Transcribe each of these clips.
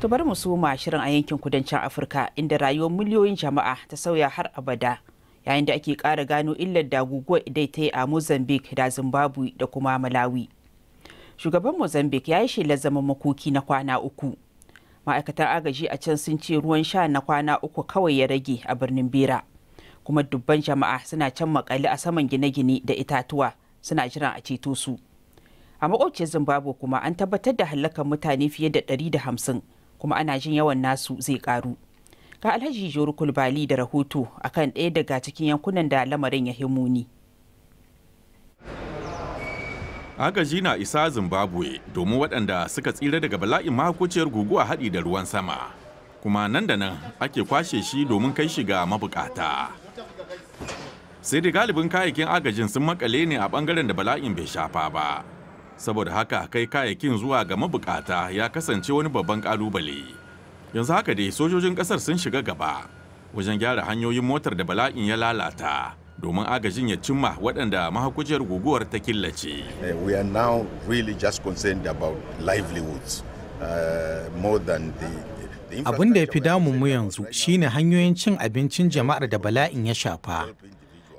To bari mu suma shirin a yankin kudancin Afirka inda rayuwar miliyoyin jama'a ta sauya har abada yayin da ake ƙara gano illar da guguwar idai ta yi a Mozambique da Zimbabwe da kuma Malawi. Shugaban Mozambique ya yi shelar zaman makoki na kwana uku. Ma'aikatar agaji a can sun ce ruwan sha na kwana uku kawai ya rage a birnin Bera. Kuma dubban jama'a suna can makali a saman gine-gine da itatuwa suna jiran a ceto su. A makwabcin Zimbabwe kuma an tabbatar da halakan mutane fiye da 150 kuma ana jin yawan nasu zai karu ga alhaji joru kulbali da rahoto akan ɗaya daga cikin yankunan da lamarin ya himuni agaji na isa zimbabwe domin waɗanda suka tsira daga bala'in makociyar guguwa haɗi da ruwan sama kuma nan da nan ake kwashe shi domin kai shi ga mabukata sai da galibin kayayyakin agajin sun makale ne a bangaren da bala'in bai shafa ba saboda haka kai kayayyakin zuwa ga mabukata ya kasance wani babban kalubale yanzu haka dai sojojin kasar sun shiga gaba wajen gyara hanyoyin motar da bala'in ya lalata domin agajin ya cimma waɗanda mahakujiyar guguwar ta killace. Eh, we are now uh, Abin da ya fi damun mu yanzu shine hanyoyin cin abincin jama'ar da bala'in ya shafa.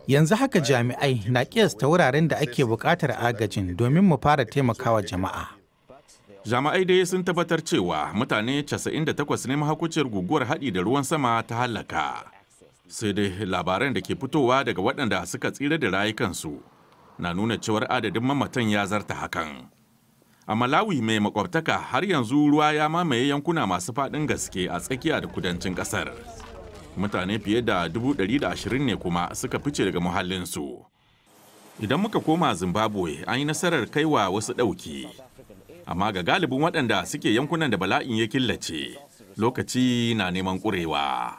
Yanzu haka jami'ai na kiyasta wuraren da ake buƙatar agajin domin mu fara taimakawa jama'a. Jami'ai dai sun tabbatar cewa mutane 98 ne mahakuciyar guguwar haɗi da ruwan sama ta hallaka. Sai dai labaran da ke fitowa daga waɗanda suka tsira da rayukansu na nuna cewar adadin mamatan ya zarta hakan. A Malawi mai makwabtaka har yanzu ruwa ya mamaye yankuna masu faɗin gaske a tsakiya da kudancin ƙasar. mutane fiye da 120 ne kuma suka fice daga muhallinsu idan muka koma zimbabwe an yi nasarar kaiwa wasu ɗauki amma ga galibin waɗanda suke yankunan da bala'in ya killace lokaci na neman ƙurewa.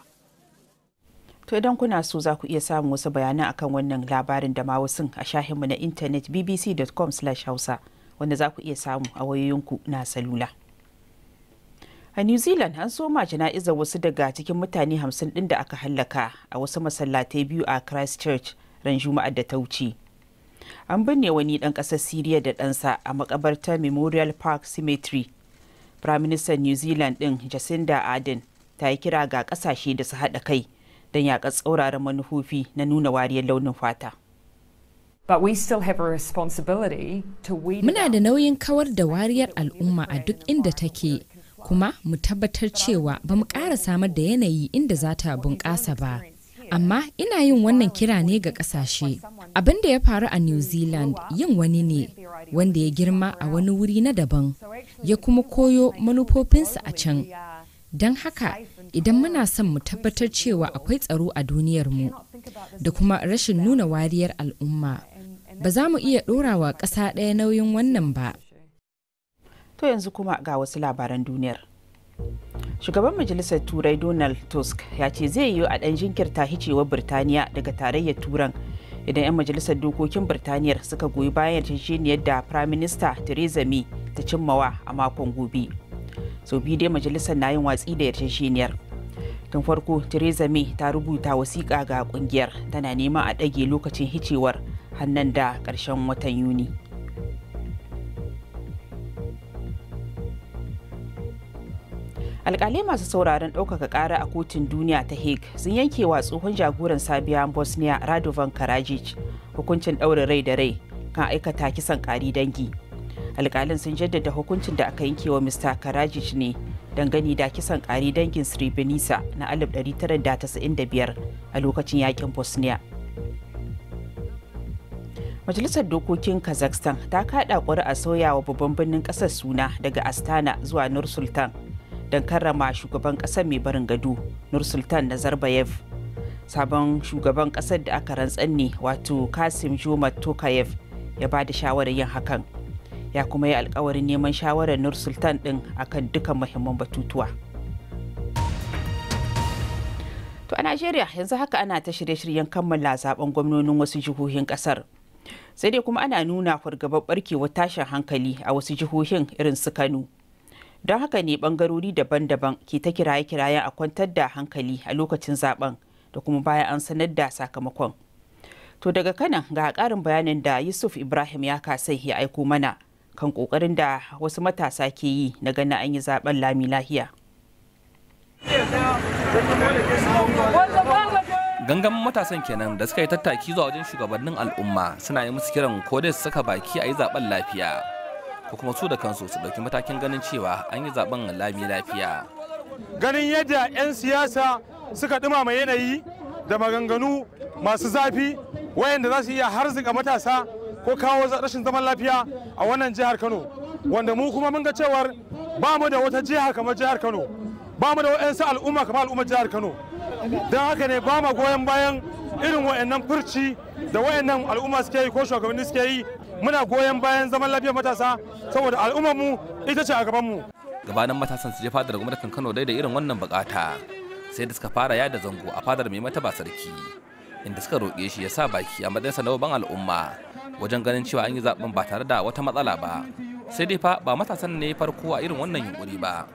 To idan kuna so za ku iya samun wasu bayanan akan wannan labarin da ma wasu a shahinmu na intanet bbc.com/hausa wanda za ku iya samu a wayoyinku na salula. a new zealand an soma jana'izar wasu daga cikin mutane hamsin ɗin da aka hallaka a wasu masallatai biyu a christchurch ran juma'ar da ta wuce an binne wani ɗan ƙasar syria da ɗansa a makabartar memorial park cemetery firaministan new zealand ɗin jacinda ardern ta yi kira ga ƙasashe da su haɗa kai don yaƙar tsauraran manufofi na nuna wariyar launin fata Muna da nauyin kawar da wariyar al'umma a duk inda take kuma mu tabbatar cewa ba mu ƙara samar da yanayi inda za ta bunƙasa ba. Amma ina yin wannan kira ne ga ƙasashe. Abin da ya faru a New Zealand yin wani ne wanda ya girma a wani wuri na daban, ya kuma koyo manufofinsa a can. Don haka, idan muna son mu tabbatar cewa akwai tsaro a duniyar mu da kuma rashin nuna wariyar al'umma, ba za mu iya ɗorawa ƙasa ɗaya nauyin wannan ba. To yanzu kuma ga wasu labaran duniyar. Shugaban Majalisar Turai Donald Tusk ya ce zai yiwu a ɗan jinkirta hicewar Birtaniya daga tarayyar Turan idan 'yan majalisar dokokin Birtaniyar suka goyi bayan yarjejeniyar da Prime Minister Theresa May ta cimmawa a makon gobe. Sau biyu dai majalisar na yin watsi da yarjejeniyar. Tun farko Theresa May ta rubuta wasiƙa ga ƙungiyar tana neman a ɗage lokacin hicewar hannan da ƙarshen watan Yuni. alkalai masu sauraron ɗaukaka ƙara a kotun duniya ta hague sun yanke wa tsohon jagoran sabiya bosnia radovan karajic hukuncin ɗaurin rai da rai kan aikata kisan ƙari dangi alkalin sun jaddada hukuncin da aka yanke wa mr karajic ne gani da kisan ƙari dangin srebrenica na 1995 a lokacin yakin bosnia majalisar dokokin kazakhstan ta kada ƙuri'a sauya wa babban birnin ƙasar suna daga astana zuwa nur sultan don karrama shugaban ƙasar mai barin gado nursultan nazarbayev sabon shugaban ƙasar da aka rantsanne ne wato kasim jomat tokayev ya ba da shawarar yin hakan ya kuma yi alkawarin neman shawarar nursultan ɗin akan dukan mahimman batutuwa. To a Najeriya yanzu haka ana ta shirye-shiryen kammala zaben gwamnonin wasu jihohin kasar. Sai dai kuma ana nuna fargabar barkewar tashin hankali a wasu jihohin irin su Kano. don haka ne bangarori daban-daban ke ta kiraye-kiraye a kwantar da hankali a lokacin zaben da kuma bayan an sanar da sakamakon to daga kanan ga karin bayanin da yusuf ibrahim ya kasai ya aiko mana kan kokarin da wasu matasa ke yi na ganin an yi zaben lami lahiya gangan matasan kenan da suka yi tattaki zuwa wajen shugabannin al'umma suna yi musu kiran ko dai su saka baki a yi zaben lafiya ko kuma su da kansu su ɗauki matakin ganin cewa an yi zaben lami lafiya ganin yadda 'yan siyasa suka ɗumama yanayi da maganganu masu zafi wayanda za su iya harzika matasa ko kawo rashin zaman lafiya a wannan jihar kano wanda mu kuma mun ga cewar ba mu da wata jiha kamar jihar kano ba mu da wa'yansu al'umma kamar al'ummar jihar kano don haka ne ba ma goyon bayan irin wa'annan furci da nan al'umma suke yi ko shugabanni suke yi muna goyon bayan zaman lafiyar matasa saboda al'ummar mu ita ce a gaban mu gabanin matasan su je fadar gwamnatin Kano dai da irin wannan bukata sai da suka fara yada zango a fadar mai mata ba sarki inda suka roƙe shi ya sa baki a matsayinsa na babban al'umma wajen ganin cewa an yi zaben ba tare da wata matsala ba sai dai fa ba matasan ne farko a irin wannan yunkuri ba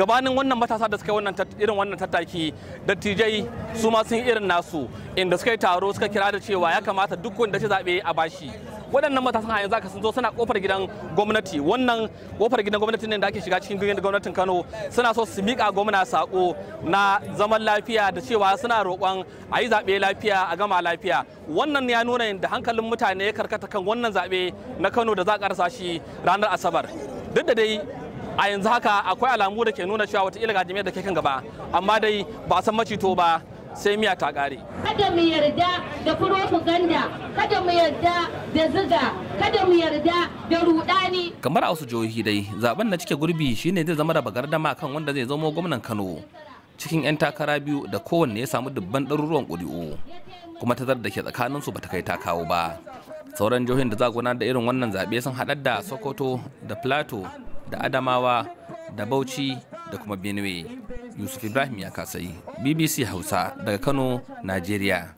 gabanin wannan matasa da suka wannan irin wannan tattaki dattijai su ma sun irin nasu inda suka yi taro suka kira da cewa ya kamata duk wanda ci zaɓe a bashi waɗannan matasan a yanzu haka sun zo suna kofar gidan gwamnati wannan kofar gidan gwamnati ne da ake shiga cikin gidan gwamnatin Kano suna so su miƙa gwamna sako na zaman lafiya da cewa suna roƙon a yi zaɓe lafiya a gama lafiya wannan ya nuna da hankalin mutane ya karkata kan wannan zaɓe na Kano da za a ƙarasa shi ranar Asabar duk da dai a yanzu haka akwai alamu da ke nuna cewa wata ga jami'ar da ke kan gaba amma dai ba san macito ba sai miya ta ƙare. Kada mu yarda da propaganda, kada mu yarda da ziga, kada mu yarda da rudani. Kamar a wasu jihohi dai, zaben na cike gurbi shine zai zama da bagardama kan wanda zai zama gwamnan Kano. Cikin 'yan takara biyu da kowanne ya samu dubban ɗaruruwan ƙuri'u, kuma tazar da ke tsakanin tsakaninsu bata kai ta kawo ba. Sauran jihohin da za gudanar da irin wannan zaɓe sun haɗar da Sokoto da Plateau da Adamawa da Bauchi da kuma Benue. yusuf ibrahim ya kasayi bbc hausa daga kano nigeria